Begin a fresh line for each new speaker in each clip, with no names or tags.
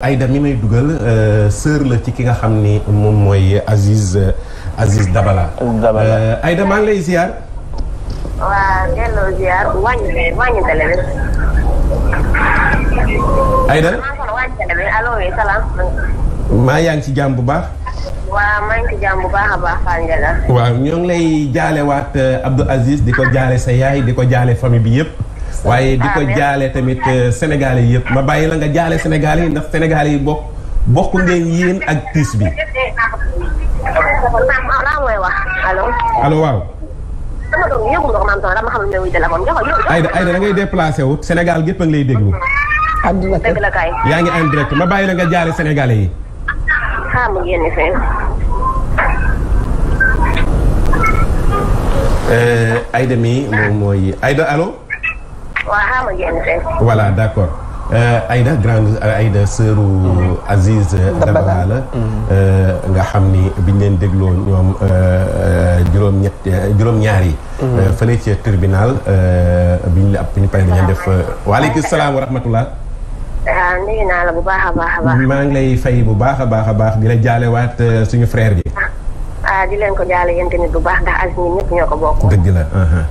Aïda mi may dugal euh, sœur la ci ki nga xam ni moom mooy Aziz euh, Aziz Dabala. Dabala euh, Aïda maa ngi lay ziar.
waaw delloo ziar wàññi leen wàññi télé bi. Aïda.
maa yaa ngi ci jàmm bu baax.
waaw maa ngi ci jàmm bu baax a baax Fane
waaw ñoo ngi lay waat Abdou Aziz di ko jaale sa yaay di ko jaale famille bi yëpp. waaye di ah, ko jaale tamit euh, sénégalais yi yëpp ma bàyyi la nga jaale sénégalais yi ndax sénégalais yi bokk bokk ngeen yéen ak tiis bi.
allo waaw. Ayda
Ayda da ngay déplacé wut Sénégal gépp lay déglu.
yaa
ngi en direct ma bàyyi la nga jaale sénégalais yi. Ayda ah, euh, mi moom mooy Ayda allo.
waaw xam nga génn fenn. voilà d'
accord euh, Aïda grande euh, Aïda sëru Aziz Dabala la euh, nga xam ni biñ leen dégloo ñoom juróom-ñett juróom-ñaar yi. Mm-hmm. fële ci tribunal biñ la ab ñu paree dañu def. waaleykum salaam wa rahmatullah
waaw nuyu naa la bu baax a baax a baax.
maa ngi lay fay bu baax a baax a baax di la jaalewaat suñu frère bi. Ah,
ah di leen ko jaale yéen tamit bu baax ndax as ñun ñëpp ñoo ko bokk. dëgg la. Uh-huh.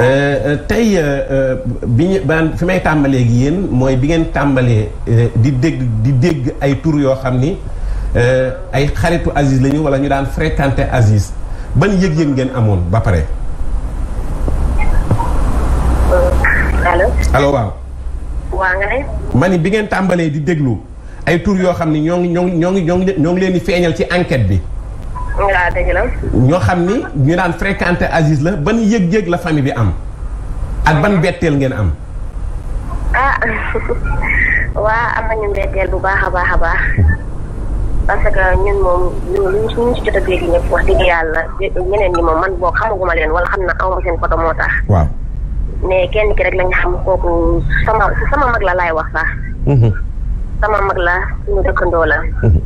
Euh, euh,
tey euh, bi ñu baan fi may tàmbalee gi yéen mooy bi ngeen tàmbalee di dégg di dégg ay tur yoo xam ni ay xaritu Aziz lañu wala ñu daan fréquenté Aziz ban yëg-yëg ngeen amoon ba pare. allo allo waaw.
waa
nga bi ngeen tàmbalee di déglu ay tur yoo xam ni ñoo ngi ñoo ngi ñoo ngi ñoo ngi leen di feeñal ci enquête bi. waaw dëgg la. ñoo xam ni ñu daan fréquenté Aziz la ban yëg-yëg la famille bi am ak ban betteel ngeen am.
ah waa am nañu mbetteel bu baax a baax a baax parce que ñun moom ñu ñu ci jot a dégg ñëpp wax dëgg yàlla ñeneen ñi moom man boo xamaguma leen wala xam na awma seen photo moo tax. waaw mais kenn ki rek lañ xam kooku sama sama mag la laay wax sax. Mhm. sama mag la suñu dëkkandoo la. Mhm.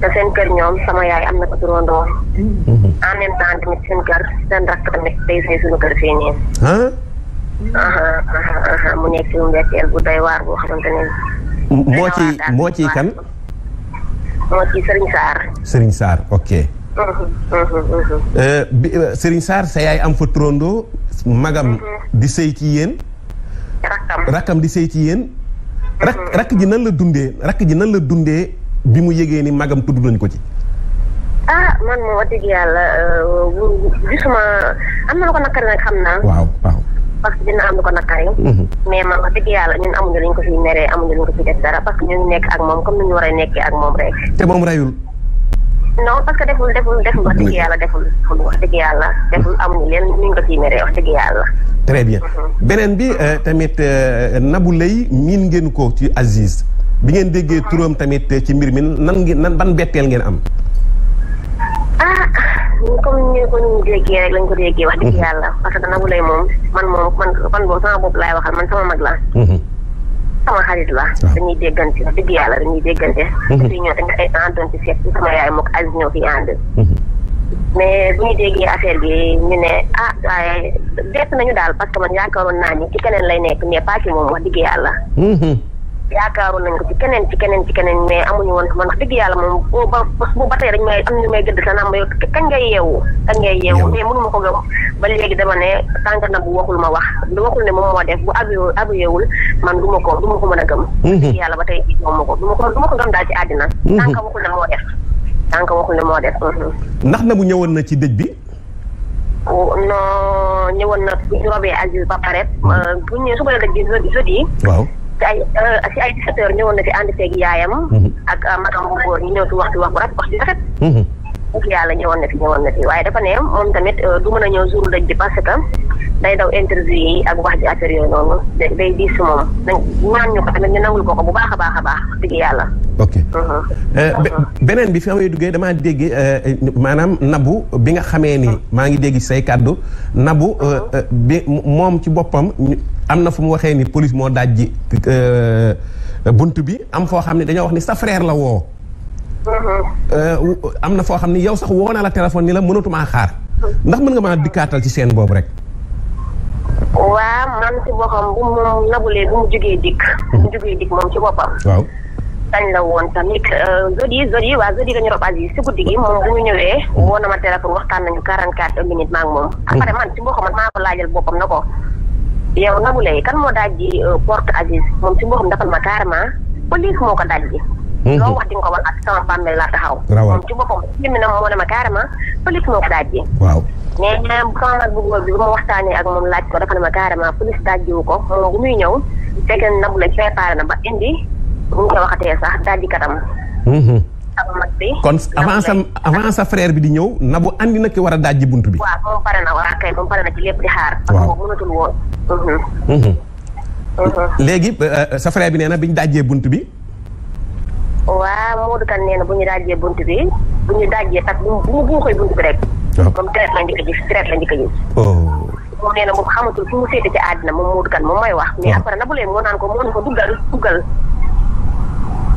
te seen kër ñoom sama yaay am na ko turandoo. Mhm. en même
ci moo ci kan.
moo ci Serigne
Sarr. Serigne Sarr fa turandoo magam mhm. di sëy ci yéen. rakkam di sëy ci yéen. rakk mhm. rakk ji nan la dundee rakk ji nan la dundee. bi mu yëgee ni magam tudd nañ ko ci.
ah man moom wax dëgg yàlla euh, gisuma am na lu ko nakari nag xam naa. waaw waaw. am ko nakari. Mhm. mais man wax dëgg yàlla ñun amuñu luñ ko luñ ko fiy def dara parce que ñu ngi nekk ak moom comme ni ñu war a nekkee ak moom rek. te moom rayul. non parce que deful yàlla deful deful wax dëgg yàlla deful amuñu leen nuñ meree wax dëgg yàlla.
très bien mhm. beneen bi euh, tamit euh, Nabou Leye miin ngeen ko ci Aziz. bi ngeen déggee turam tamit ci mbir mi nan ngeen nan ban betteel ngeen am.
Ah, comme ñu ko ñu déggee rek lañ ko déggee wax dëgg mhm. yàlla parce que Nabou Leye moom man moom man man boobu sama bopp laay waxal man sama mag la mhm. sama xarit la dañuy déggante wax dëgg yàlla dañuy déggante depuis mhm. ñoo dañu ay àndoon ci seet sama yaay mook Aziz ñoo fi ànd mais bu ñu déggee affaire bi ñu ne ah waaye def nañu daal parce que man yaakaaroon naa ni ci keneen lay nekk mais pas ci moom wax dëgg yàlla yaakaaroon nañ ko ci keneen ci keneen ci keneen mais amuñu woon man wax yàlla moom boo ba bu tey dañ may am ñu may gëdd sa naam yow kañ ngay yeewu kañ ngay yeewu mais mënu ma ko gëm ba léegi dama ne tànk na bu waxul ma wax lu waxul ne moom moo def bu ab abuyewul man du ma ko du ma ko mën a gëm mhm. dëgg yàlla ba tey moom ko du ma ko du ma daal ci àddina tànk mhm. waxul ne moo def tànk waxul ne moo def mhm.
ndax na bu ñëwoon na ci dëj bi
oh, non ñëwoon na bu ñu robee Aziz ba pare bu ñu su ko dëj bi jeudi waaw si ay si euh, ay 17 ñëwoon na fi ànd seeg yaayam. Mhm. ak euh, magam bu góor ñu ñëw si wax bi wax bu rafet wax bi rafet. Mhm. wax yàlla ñëwoon na fi ñëwoon na fi waaye dafa ne moom tamit euh, du mën a ñëw jour dëj bi parce que day daw interview yi ak wax ji affaire yooyu noonu day diis si moom ñaan ñu ko tamit ñu nangul ko ko bu baax a baax a baax dëgg yàlla. ok
mhm. beneen bi fi may duggee damaa dégg maanaam nabu bi nga xamee ni maa ngi dégg say kàddu nabu bi moom ci boppam. am na fu mu waxee ni police moo dajji euh, bunt bi am foo xam ne dañoo wax ni sa la woo. Uh-huh. Euh, am na foo xam ne yow sax woo na la téléphone ni la mënatumaa xaar ndax mën nga maa dikkaatal ci seen boobu rek.
waa man ci boppam bu mu nabulee bu moom woon tamit euh, jeudi jeudi waa la ñu rob Aziz si guddi gi moom waxtaan nañu 44 minutes maa ngi moom. Hmm. après man maa ko laajal boppam na ko. yow Nabou Leye kan moo daaj ji euh, porte Aziz moom si boppam defal ma carrément police moo ko daaj ji. Mhm. loo wax di nga ko wal ak sama bàmmeel laa taxaw. moom ci boppam fi mu moo ne ma carrément police moo ko daaj ji. waaw mais sama mag bu góor bi ak moom laaj ko dafa ne ma carrément police daaj ko moom bu muy ñëw fekkee Nabou Leye préparé na ba indi bu ñu ko waxatee sax daaj ji katam. Mhm. bu mag kon avant sa
avant sa frère bi di ñëw na bu andi na ki war a daaj bunt bi.
waaw moom pare na waaw kay pare na ci lépp di xaar. waaw parce mhm.
mhm. mhm. léegi euh, euh, sa frère bi nee na bi ñu bunt bi.
waaw Modou Kane nee bu ñu daajee bunt bi bu ñu daajee parce que bu mu buuxee bunt bi rek. waaw comme traite a gis traite la njëkk a oh. moom moom xamatul wax. mais après na bu leen moo naan ko moo naan ko duggal duggal.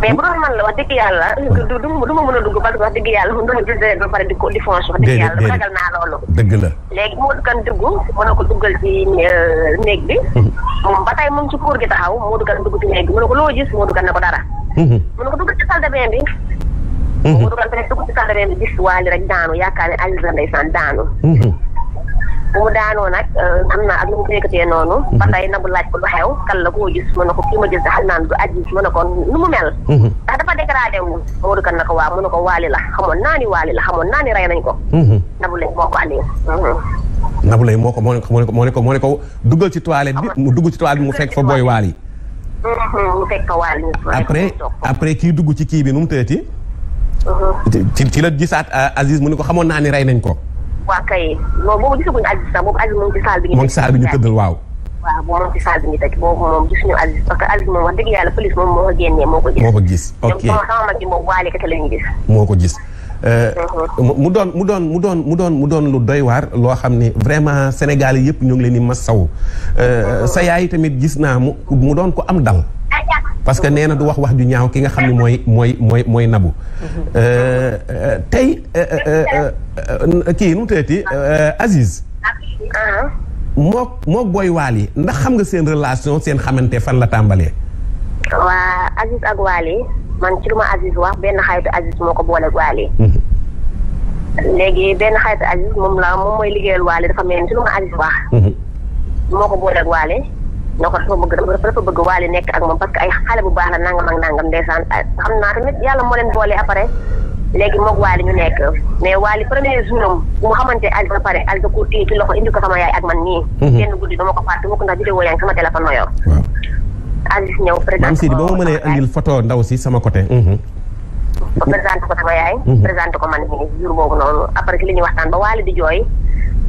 mais bu doon man la wax dëgg yàlla du du ma mën a dugg parce wax dëgg yàlla mu doon désert ba pare di ko wax dëgg yàlla ragal naa loolu dëgg la léegi Modou Kane dugg mën na ko duggal ci euh, néeg bi mhm. moom ba tey moom ci kóor gi taxaw Modou Kane dugg ci néeg bi mu ne ko loo gis Modou Kane ne ko dara mu mhm. ne ko dugg ci salle de bain bi mhm. Modou Kane fene dugg ci salle bi gis waali rek daanu yaakaar ne Aziza ndeysaan daanu mu daanoo nag euh, am na ak lu mu ko yëkkatee noonu. Mhm. ba tey na bu laaj ko lu xew kan la koo gis mën na ko kii ma gis daal naan du aji mën na ko nu mu mel. Mhm. ndax dafa dégradé wu. Modou Kane na ko waaw mën ko waali la xamoon naa ni waali la xamoon naa ni rey nañ ko. Mhm. Nabou Leye
moo ko moo ko moo ne moo ne ko moo ko duggal ci toilette bi mu dugg ci toilette mu fekk fa booy waali.
mu fekk fa waali. après
après kii dugg ci kii bi nu mu tëjee
ci.
ci la gisaat euh, Aziz mu ne ko xamoon naa ni rey nañ ko.
waa kay boobu moom ci saal bi ñu. moom waaw. waaw moom ci saal bi ñu tëj boobu moom moo
ko gis. moo ko ok moo ko gis. Mhm. Euh, mu doon mu doon mu doon mu doon mu doon lu doy waar loo xam ne vraiment Sénégal yëpp ñoo ngi leen di masawu. Euh, mhm. sa yaay tamit gis naa mu mu doon ko am dal. parce que nee na du wax wax ju ñaaw ki nga xam ne mooy mooy mooy mooy nabu. Euh, euh, tey euh, kii nu mu tëddee Aziz.
Uh-huh.
moo moo Boy Wally ndax xam nga seen relation seen xamante fan la tàmbalee.
waa Aziz ak Wally man ci lu ma Aziz wax benn xaritu Aziz mm-hmm. moom la moom mooy liggéeyal Wally dafa mel ci lu ma Aziz wax. Mm-hmm. moo ko booleeg Wally. ne ko dafa bëgg dafa bëgg waali nekk ak moom parce que ay xale bu baax la nangam ak nangam ndeysaan xam naa tamit yàlla moo leen boole après léegi moog waali ñu nekk mais waali premier jour am mu xamante ali ba pare ak man nii mhm. kenn guddi dama ko fàtte mukk ndax vidéo yaa ngi sama téléphone ma yor Aziz ñëw ma mënee
andil photo ndaw si sama côté mhm.
présenté ko sama yaay mhm. présenté ko man nii jour boobu noonu après ci li ñuy waxtaan ba waali di jooy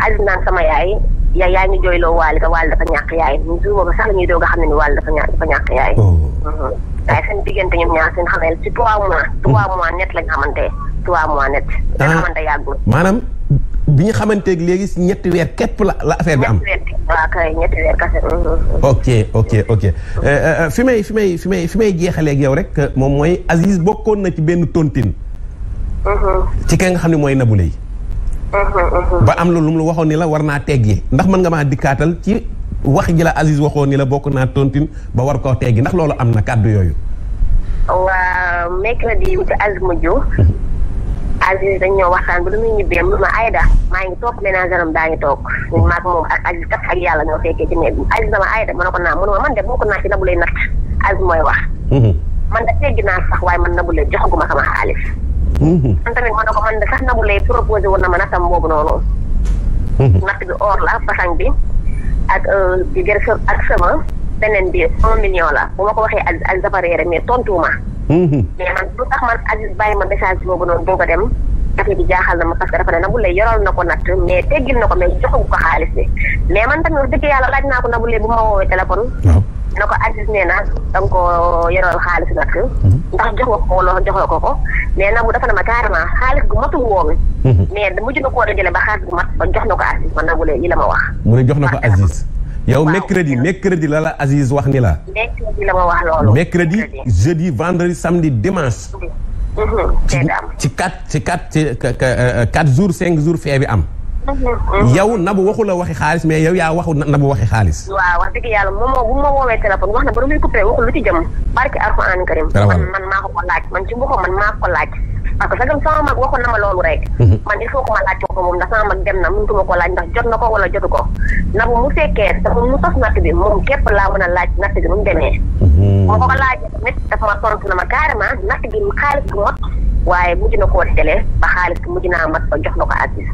Aziz naan sama yaay yaa yaa ngi jooyloo waal ka waal dafa ñàkk yaay ñun suuf boobu sax la ñuy doog a xam ne ni waal dafa ñàkk dafa ñàkk yaay. Oh. Mm-hmm. waaye seen diggante ñoom ñaar seen xamel ci trois mois. trois mm. mois net lañ xamante trois mois net. ah nga xamante
maanaam bi ñu xamanteeg léegi si ñetti weer képp la la affaire bi am.
ñetti weer waaw kay ñetti weer mm-hmm.
ok ok ok mm-hmm. eh, eh, eh, fi may fi may fi may fi may jeexaleeg yow rek moom mooy Aziz bokkoon na ci benn tontine. ci ka nga xam ne mooy Nabou Leye. ba am la lu mu lu waxoon ni la war naa teg teggi ndax mën nga maa dikkaatal ci wax ji la Aziz waxoo ni la bokk naa tontine ba war koo teggi ndax loolu am na kàddu yooyu.
waaw mercredi bi Aziz ma Diouf. Aziz dañoo waxtaan ba lu muy ñibbee ma Aïda maa ngi toog ménagère am daa ngi toog ñun maag moom ak yàlla ñoo fekkee ci néeg bi Aziz dama Aïda ma ko naa mu ne ma man de bokk naa ci nabu natt Aziz mooy wax. Mhm. man de teggi naa sax waaye man nabu lay joxaguma sama xaalis. man mm-hmm. tamit ma ne ko man de sax nabu lay proposé woon na a nattam boobu noonu. Mm-hmm. natt bi or la basang bi ak di euh, gër ak sama beneen bi un million la bu ma ko waxee Aziz Aziz dafa réeré mais tontuwuma. Mm-hmm. mais man lu tax man Aziz bàyyi ma message boobu noonu boo ko dem. affaire bi jaaxal na ma parce que dafa ne Nabou Leye yoral na ko natt mais teggil na ko mais joxagu ko xaalis bi mais man tamit wax dëgg ko Nabou bu ma woowee téléphone. na ko Aziz nee na da nga koo yoral xaalis natt. Mhm. ndax jox nga ko wala joxoo ko ko mais dafa ne ma carrément xaalis gu matul woon. Mhm. mais mujj na koo dajale ba xaalis gu mat ba jox na ko Aziz man Nabou Leye yi la ma wax.
mu ne jox na ko Aziz. yow mercredi mercredi la la wax ni la.
mercredi la ma wax loolu. mercredi
jeudi vendredi samedi dimanche. ci quatre ci quatre ci euh, quatre jours cinq jours fee bi am. yow nabu waxu la waxi xaalis mais yow yaa waxu nabu waxi xaalis.
waaw wax dëgg yàlla moom moo bu ma woowee téléphone wax ba muy coupé waxu lu ci jëm. barki alxuraan karim. man ko laaj man ci boppam man ko ko laaj. parce que sagam sama mag waxoon na ma loolu rek. Mhm. man il faut que ma laaj ko moom ndax sama mag dem na mëntu ma ko laaj ndax jot na ko wala jotu ko. nabu mu fekkee te mu sos natt bi moom képp laa mën a laaj nat bi mu demee. ma mhm. ko xaalis bu mot waaye mujj na koo délai ba xaalis bi mujj naa mat ba jox na ko Aziz.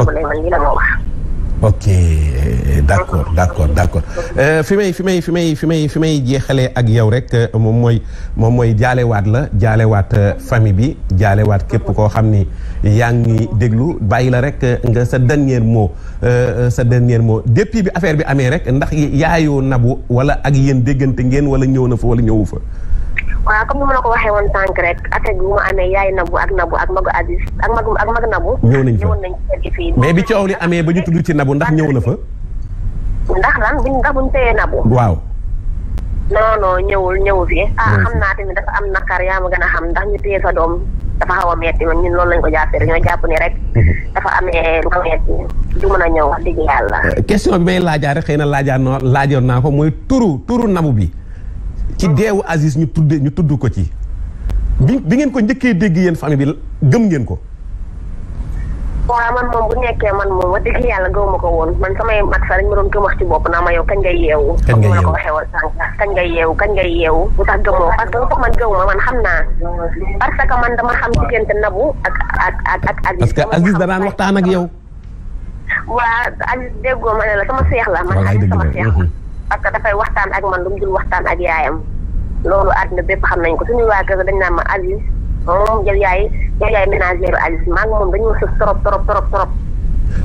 ok wax.
ok d' accord d' accord d' euh, fi may fi may fi may fi may fi may jeexalee ak yow rek euh, moom mooy moom mooy jaalewaat la jaalewaat euh, famille bi jaalewaat képp koo xam ni yaa ngi déglu bàyyi la rek nga sa dernier mot sa dernier moo depuis bi affaire bi amee rek ndax yaayoo nabu wala ak yéen déggante ngeen wala ñëw na fa wala ñëwu fa.
waaw comme ni ma la ko waxee woon sànq rek a bi bu amee yaay nabu ak nabu ak magu Aziz ak magu ak mag nabu. ñëw nañ fa ñëw nañ fii. mais bi
coow li amee ba ñu tudd ci nabu ndax ñëw na fa.
ndax lan buñ ndax buñ téyee nabu. waaw. non non ñëwul ñëwu fi. ah xam naa dafa am naqar yaa ma a xam ndax ñu téye a metti man loolu lañ ko jàppee rek ñoo jàpp nii rek. Mhm. dafa amee lu ko du mën a ñëw wax dëgg yàlla.
Euh, question bi may laajaare xëy na laajaar naa laajoon naa ko mooy turu turu nabu bi ci deewu Aziz ñu tuddee ñu tudd ko ci bi bi ngeen ko njëkkee dégg yéen famille bi gëm ngeen ko
waaw man moom bu nekkee man moom wax dëgg yàlla gëw ma ko woon man samay mag sa dañ ma doon gëmax ci bopp naa ma yow kañ ngay yeewu comme ni ma la ko waxee woon sànq kañ ngay yeewu bu tax gëmoo parce man gëw ma man xam naa parce que man dama xam diggante nabu ak ak ak ak Aziz parce que
Aziz da daan waxtaan ak yow
waa Aziz déggoo ma ne la sama seex la man Aziz sama seex la mhm. parce que dafay waxtaan ak man lu mu dul waxtaan ak yaayam loolu na bépp xam nañ ko suñu waa kër dañ naan ma Aziz moom jël yaay jël yaay ménagère Aziz maa ngi moom dañoo sëf trop trop trop trop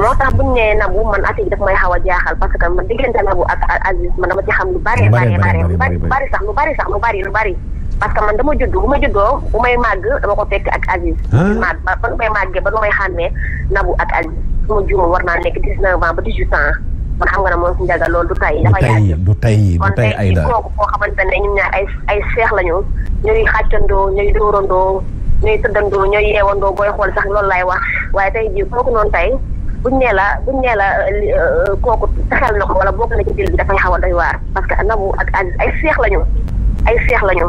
moo tax buñ nee nabu man a yi daf may xaw a jaaxal parce que man diggante nabu ak Aziz man dama ci xam lu bari bari bari bari sax lu bari sax lu bari lu bari parce que man dama judd bu ma juddoo bu may màgg dama ko fekk ak Aziz ah. ma ba nu may màggee ba nu may xàmmee nabu ak Aziz su ma juuma war naa nekk dix neuf ans ba dix huit kon xam ne moom loolu du tay dafa yaatu du tay xamante ne ñun ñaar ay ay seex lañu ñooy xàccandoo ñooy dóorandoo ñooy tëddandoo ñooy yeewandoo booy xool sax loolu laay wax waaye tey jii kooku tey nee la buñ nee la euh, euh, kooku taxal na ko wala bokk na ci dafay xaw a waar parce que a Nabou ak Aziz ay seex lañu ay seex lañu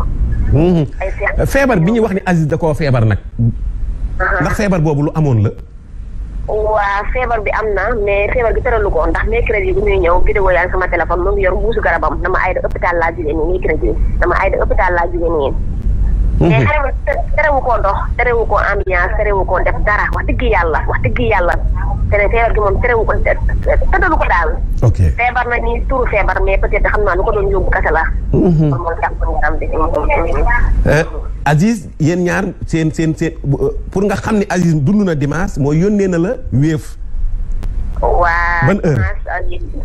ay seex
feebar bi ñuy wax ni Aziz da koo feebar nag uh-huh. ndax feebar boobu lu amoon la
waa feebar bi am na mais feebar bi tëralu ko ndax mercredi bu ñuy ñëw vidéo yaa ngi sama téléphone mu ngi yor mbuusu garabam dama ay da hôpital laa jugee nii mercredi dama ay da laa jugee nii Mhm. mais terewu ko ndox terewu ko ambiance terewu ko def dara wax dëgg yàlla wax dëgg yàlla te ne feebar gi moom terewu ko tëddalu ko daal feebar na nii turu feebar mais peut être xam naa lu ko doon yóbbu kese la mhm. kon moom jàpp yaram bi
eh, Aziz yéen ñaar seen seen seen euh, pour nga xam ne Aziz dund na dimaas moo yónnee na la
wéef waa ban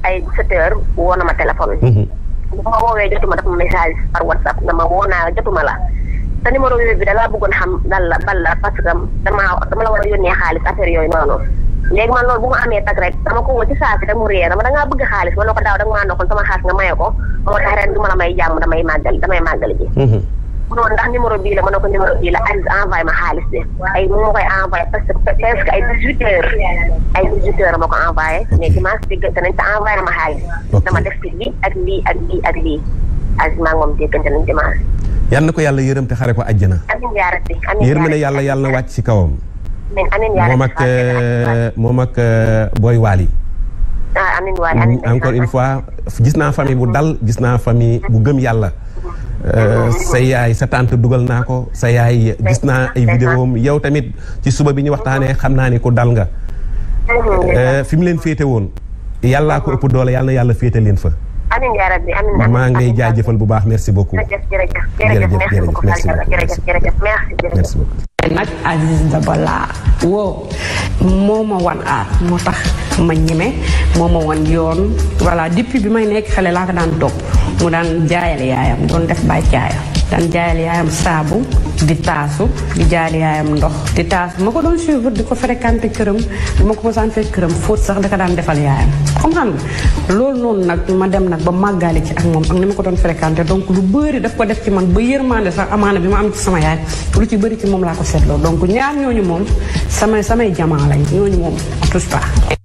ay sept woo na ma téléphone mhm. bu ma woowee woo naa jotuma la te numéro bi da laa bëggoon xam dal la bal la parce que damaa dama la war a yónnee xaalis affaire yooyu noonu léegi man loolu bu amee tag rek dama ko woo ci saa si rek dama da ngaa bëgg xaalis ma da nga ko moo tax ren du ma damay màggal damay màggal ji mhm. ndax numéro bii la ma ne ko numéro bii la Aziz envoyé ma xaalis bi ay mu ma koy envoyé ma ko dama def ci lii ak lii ak lii ak lii Aziz maa
na ko yàlla yërëm te xare ko àjjana.
na yaa rabbi yàlla
yàlla wàcc ci kawam.
amiin yaa rabbi
euh, moom ak moom euh, ak Boy Waly.
ah amiin encore une fois
gis naa famille bu dal gis naa famille bu gëm yàlla. Euh, sa yaay sa tante dugal naa ko sa yaay gis naa ay vidéom yow tamit ci suba bi ñu waxtaanee xam naa ne ku dal nga fi mu leen féete woon yàllaa ko ëpp doole yàlla yàlla féete leen fa
amiin yaa rabbi maa ngi lay
jaajëfal bu baax merci beaucoup. jërëjëf
jërëjëf jërëjëf merci beaucoup jërëjëf jërëjëf merci merci beaucoup. nag Aziz Dabala moo ma wan aar moo tax ma ñeme moo ma wan yoon voilà depuis bi may nekk xale laa ko daan topp mu daan jaayal yaayam doon def bàyyi caayam. daan jaayal yaayam saabu di taasu di jaayal yaayam ndox di taasu ma ko doon suivre di ko fréquenté këram bu ma ko mosaan fekk këram fóot sax da daan defal yaayam comme xam nga noonu nag ma dem nag ba màggaale ci ak moom ak ni ma ko doon fréquenté donc lu bëri daf ko def ci man ba yërmande sax amaana bi ma am ci sama yaay lu ci bëri ci moom laa ko seetloo donc ñaar ñooñu moom samay samay jamaa lañ ñooñu moom touche pas